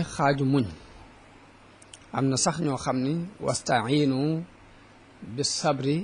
mooy xaaju muñ am na sax ñoo xam ni wastainu bi sabri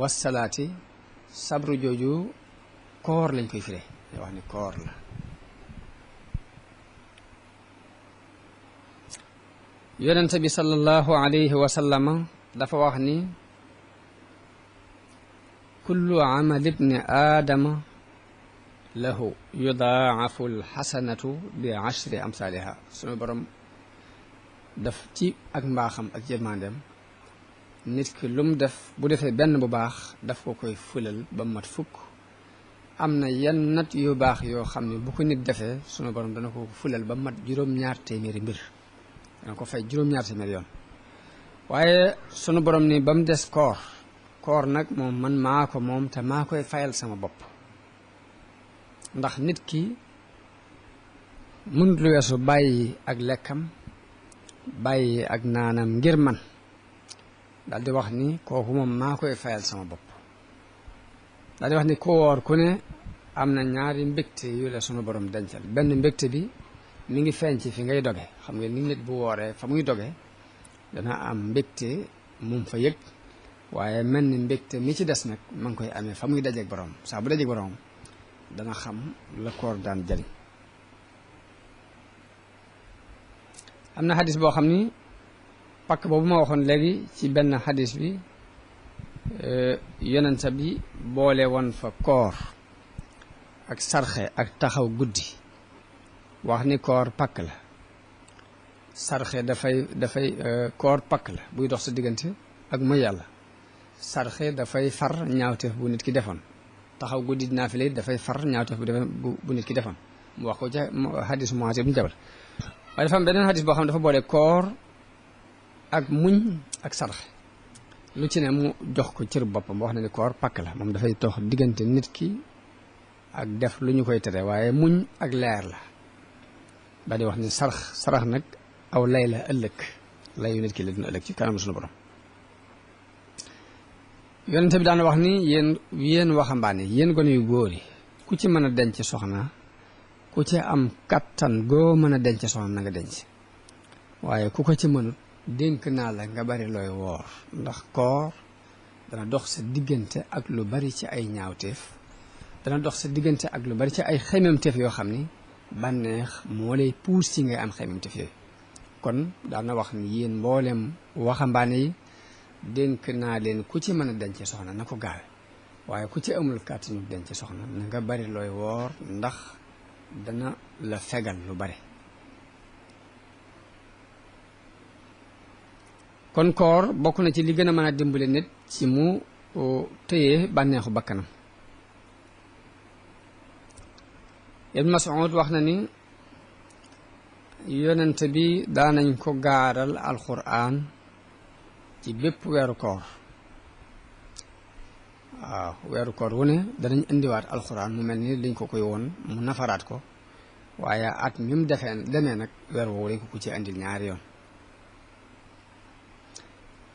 wasalaati sabru jooju koor lañ koy firee yoo wax ni bi sallallahu alayhi wa dafa wax ni kullu amali ibni aadama lahu yudaafu alxasanatu bi ashri amsaaliha sunu borom daf ci ak mbaaxam ak yërmandeem nit ki lu mu def bu defee benn bu baax daf ko koy fulal ba mu mat fukk am na yenn nat yu baax yoo xam ne bu ko nit defee sunu borom dana ko fulal ba mu mat juróom-ñaar téeméeri mbir dana ko fay juróom-ñaar téeméeri yoon waaye sunu borom ni ba mu des koor koor nag moom man maa ko moom te maa koy fayal sama bopp ndax nit ki mënut lu weesu bàyyi ak lekkam bàyyi ak naanam ngir man daal di wax ni kooku moom maa koy fayal sama bopp daal di wax ni ku woor ku ne am na ñaari mbégte yu la sunu borom dencal benn mbégte bi mu ngi feeñ ci fi ngay doge xam nga ni nit bu wooree fa muy doge dana am mbégte mum fa yëg waaye mel ni mbégte mi ci des nag ma ngi koy amee fa muy dajeeg borom saa bu dajeeg borom dana xam la koor daan jariñ am na xadis boo xam ni pakk boobu ma waxoon léegi ci benn xadis bi eh, yonent bi boole woon fa koor ak sarxe ak taxaw guddi wax ni koor pakk la sarxe dafay dafay eh, koor pakk la buy dox sa diggante ak ma yàlla sarxe dafay far ñaawteef bu nit ki defoon taxaw guddi naa fi dafay far ñaawteef bu defee bu nit ki defoon mu wax ko ca xadis Muaaz ibn Jabal waaye dafa am beneen xadis boo xam ne dafa boole koor ak muñ ak sarax lu ci ne mu jox ko cër boppam wax na ni koor pakk la moom dafay tox diggante nit ki ak def lu ñu koy tere waaye muñ ak leer la ba di wax ni sarax sarax nag aw lay la ëllëg layu nit ki la dina ëllëg ci kanam suñu borom yonente bi daan wax ni yéen yéen waxambaane yéen gone yu góor yi ku ci mën a denc soxna ku ci am kattan goo mën a denc soxna na nga denc waaye ku ko ci mënut dénk naa la nga bari looy woor ndax koor dana dox sa diggante ak lu bari ci ay ñaawteef dana dox sa diggante ak lu bari ci ay xememteef yoo xam ni bànneex moo lay puus ci ngay am xememteef yooyu kon daana wax ni yéen mboolem waxambaane yi dénk naa leen ku ci mën a denc soxna na ko gaawe waaye ku ci amul kàttanu denc soxna na nga bari looy woor ndax dana la fegal lu bari kon koor bokk na ci li gën a mën a dimbale nit ci mu tëye bànneexu bakkanam Ibn Mas'ud wax na ni yonent bi daanañ ko gaaral alxuraan ci bépp weeru koor waaw weeru koor wu ne danañ indiwaat alxuraan mu mel ni liñ ko koy woon mu nafaraat ko waaye at mi mu defee nag weer woowu lañ ko ku ci indi ñaar yoon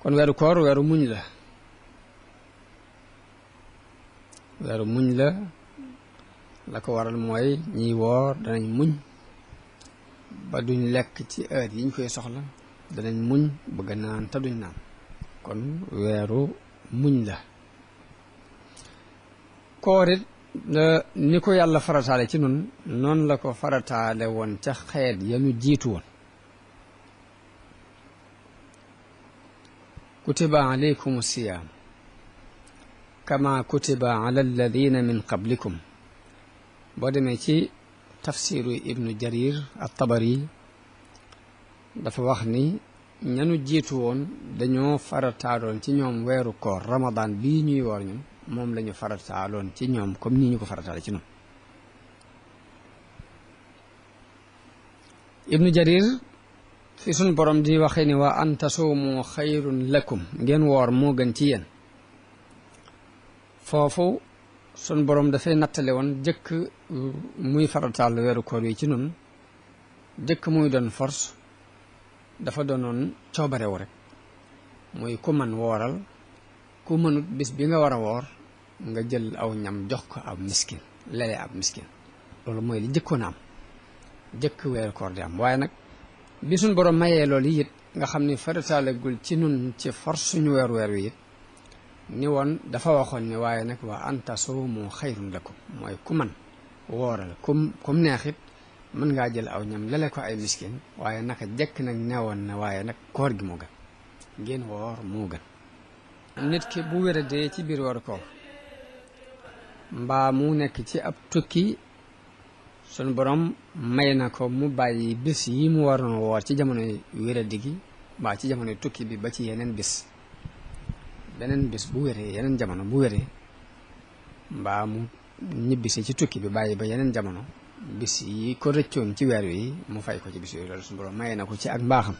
kon weeru koor weeru muñ la weeru muñ la la ko waral mooy ñiy woor danañ muñ ba duñ lekk ci heure yi ñu koy soxla danañ muñ bëgg naan te duñ naan kon weeru muñ la koorit ni ko yàlla farataale ci nun noonu la ko farataale woon ca xeet ya ñu jiitu woon kutiba alaykum siyaam kama kutiba ala alladina min qablikum boo demee ci tafsiru ibnu jarir at tabari dafa wax ni ñanu jiitu woon dañoo farataaloon ci ñoom weeru koor ramadan bii ñuy woor ñun moom la ñu farataaloon ci ñoom comme nii ñu ko farataale ci ñoom ibnu jarir fi suñ borom di waxee ni waa an tasuumu xayrun lakum ngeen woor moo gën ci yéen foofu suñ boroom dafay nattale woon jëkk muy farataal weeru koor yi ci nun jëkk muy doon fors dafa doonoon coobarewu rek mooy ku man wooral ku mënut bis bi nga war a woor nga jël aw ñam jox ko ab miskin lelee ab miskin loolu mooy li jëkkoon am jëkk weeru koor di am waaye nag bi suñ borom mayee loolu it nga xam ni farataalagul ci nun ci force suñu weer weer wi ni woon dafa waxoon ni waaye nag waa antasuumu xayrun lakum mooy ku man wooral kum kum neexit mën ngaa jël aw ñam lele ko ay miskin waaye naka jekk nag newoon na waaye nag koor gi moo gën ngeen woor moo gën nit ki bu wéradee ci biir waru koor mbaa mu nekk ci ab tukki sunu borom may na ko mu bàyyi bis yi mu waroon woor ci jamono wéradi gi mbaa ci jamono tukki bi ba ci yeneen bis beneen bis bu wéree yeneen jamono bu wéree mbaa mu ñibbisi ci tukki bi bàyyi ba yeneen jamono bis yi ko rëccoon ci weer wi mu fay ko ci bis yooyu loolu suñu borom maye na ko ci ak mbaaxam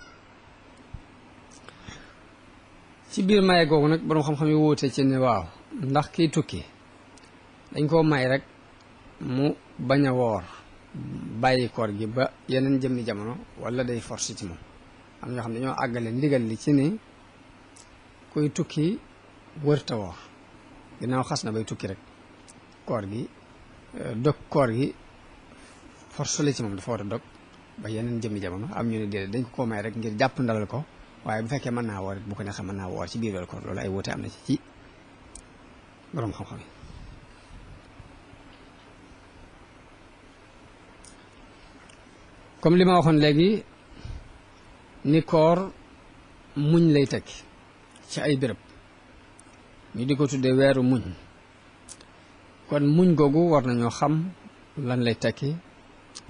ci biir maye googu nag borom xam-xam yi wóote ci ne waaw ndax kii tukki dañ koo may rek mu bañ a woor bàyyi gi ba yeneen jëmmi jamono wala day force ci moom am ñoo xam ne ñoo àggale ndigal li ci ni kuy tukki wërta woor ginnaaw xas na bay tukki rek koor gi euh, dog koor gi force la ci moom dafa war ba yeneen jëmmi jamono am ñu ne déedéet dañ may rek ngir jàpp ndalal ko waaye bu fekkee mën naa woor bu ko neexee naa woor ci biir weeru koor loolu ay wóote am na comme li ma waxoon léegi ni koor muñ lay tekki ci ay béréb ñu di ko tuddee weeru muñ kon muñ googu war nañoo xam lan lay tekki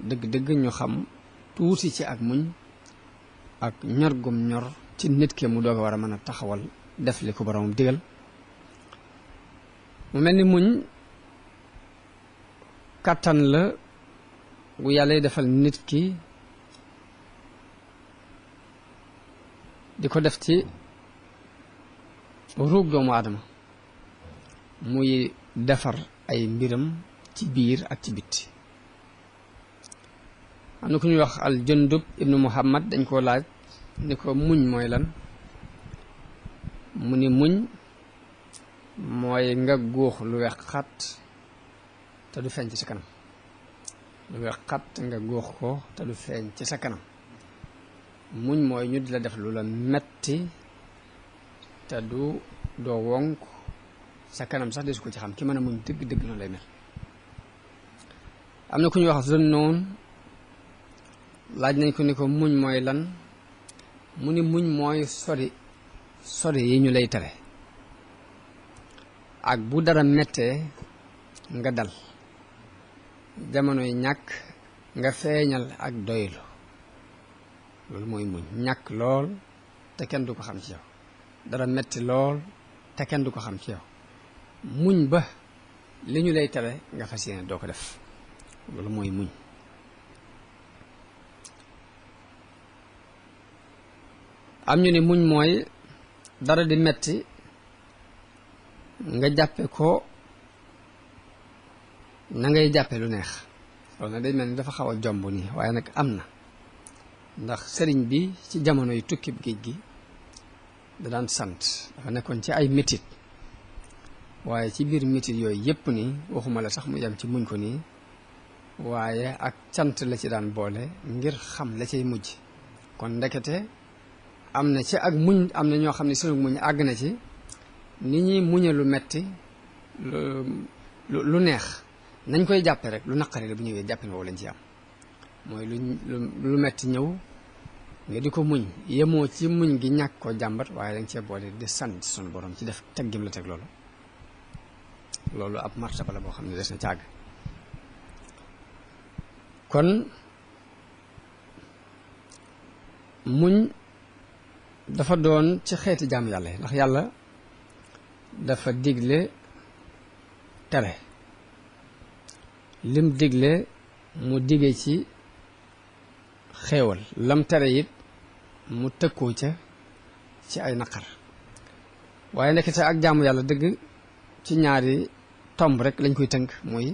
dëgg-dëgg ñu xam tuuti ci ak muñ ak ñor gum ñor ci nit ki mu doog a war a mën a taxawal def li ko boroomam digal mu mel ni muñ kàttan la bu yàlla defal nit ki di ko def ci ruug doomu aadama muy defar ay mbiram ci biir ak ci bitti am na ku ñuy wax al jundub ibnu muhammad dañ koo laaj ni ko muñ mooy lan mu ni muñ mooy nga góox lu weex xat te du feeñ ci sa kanam lu weex xat nga góox ko te du feeñ ci sa kanam muñ mooy ñu di la def lu la metti te du doo wonk sa kanam sax desu ko ci xam ki mën a muñ dëgg dëgg noonu lay mel am na ku ñuy wax zënnoon laaj nañ ko ni ko muñ mooy lan mu ni muñ mooy sori sori yi ñu lay tare ak bu dara mettee nga dal jamonoy ñàkk nga feeñal ak doylu loolu mooy muñ ñàkk lool te kenn du ko xam ci yow dara metti lool te kenn du ko xam ci yow muñ ba li ñu lay tere nga fas yéene doo ko def loolu mooy muñ am ñu ni muñ mooy dara di metti nga jàppe ko na ngay jàppe lu neex loolu na day mel ni dafa xaw a jomb nii waaye nag am na ndax sëriñ bi ci jamono yu tukkib géej gi da daan sant dafa nekkoon ci ay métit waaye ci biir métit yooyu yépp nii waxuma la sax mu jam ci muñ ko nii waaye ak cant la ci daan boole ngir xam la cay mujj kon ndekete am na ci ak muñ am na ñoo xam ne sunu muñ àgg na ci ni ñi muñe lu metti lu lu neex nañ koy jàppe rek lu naqari la bu ñëwee jàppin woowu lañ ci am mooy lu lu metti ñëw nga di ko muñ yemoo ci muñ gi ñàkk ko jàmbat waaye dañ cee boole di sant sunu borom ci def teg gim teg loolu loolu ab martaba la boo xam ne des na càgg kon muñ dafa doon ci xeeti jaam yàlla yi ndax yàlla dafa digle tere lim digle mu dige ci xéewal lam tere it mu tëkkoo ca ci ay naqar waaye nekk te ak jàmm yàlla dëgg ci ñaari tomb rek lañ koy tënk mooy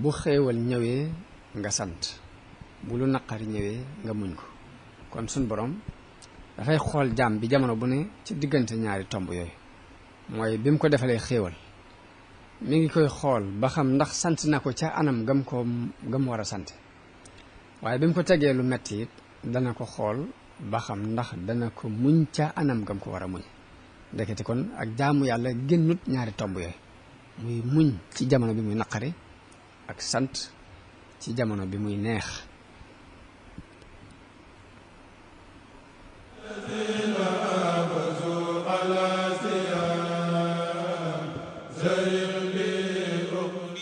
bu xéewal ñëwee nga sant bu lu naqar ñëwee nga muñ ko kon suñ borom dafay xool jaam bi jamono bu ne ci diggante ñaari tomb yooyu mooy bi mu ko defalee xéewal mu ngi koy xool ba xam ndax sant na ko ca anam gam ko gam war a sant waaye bi mu ko tegee lu metti yi dana ko xool ba xam ndax dana ko muñ ca anam gam ko war a muñ ndekete kon ak jaamu yàlla génnut ñaari tomb yooyu muy muñ ci jamono bi muy naqari ak sant ci jamono bi muy neex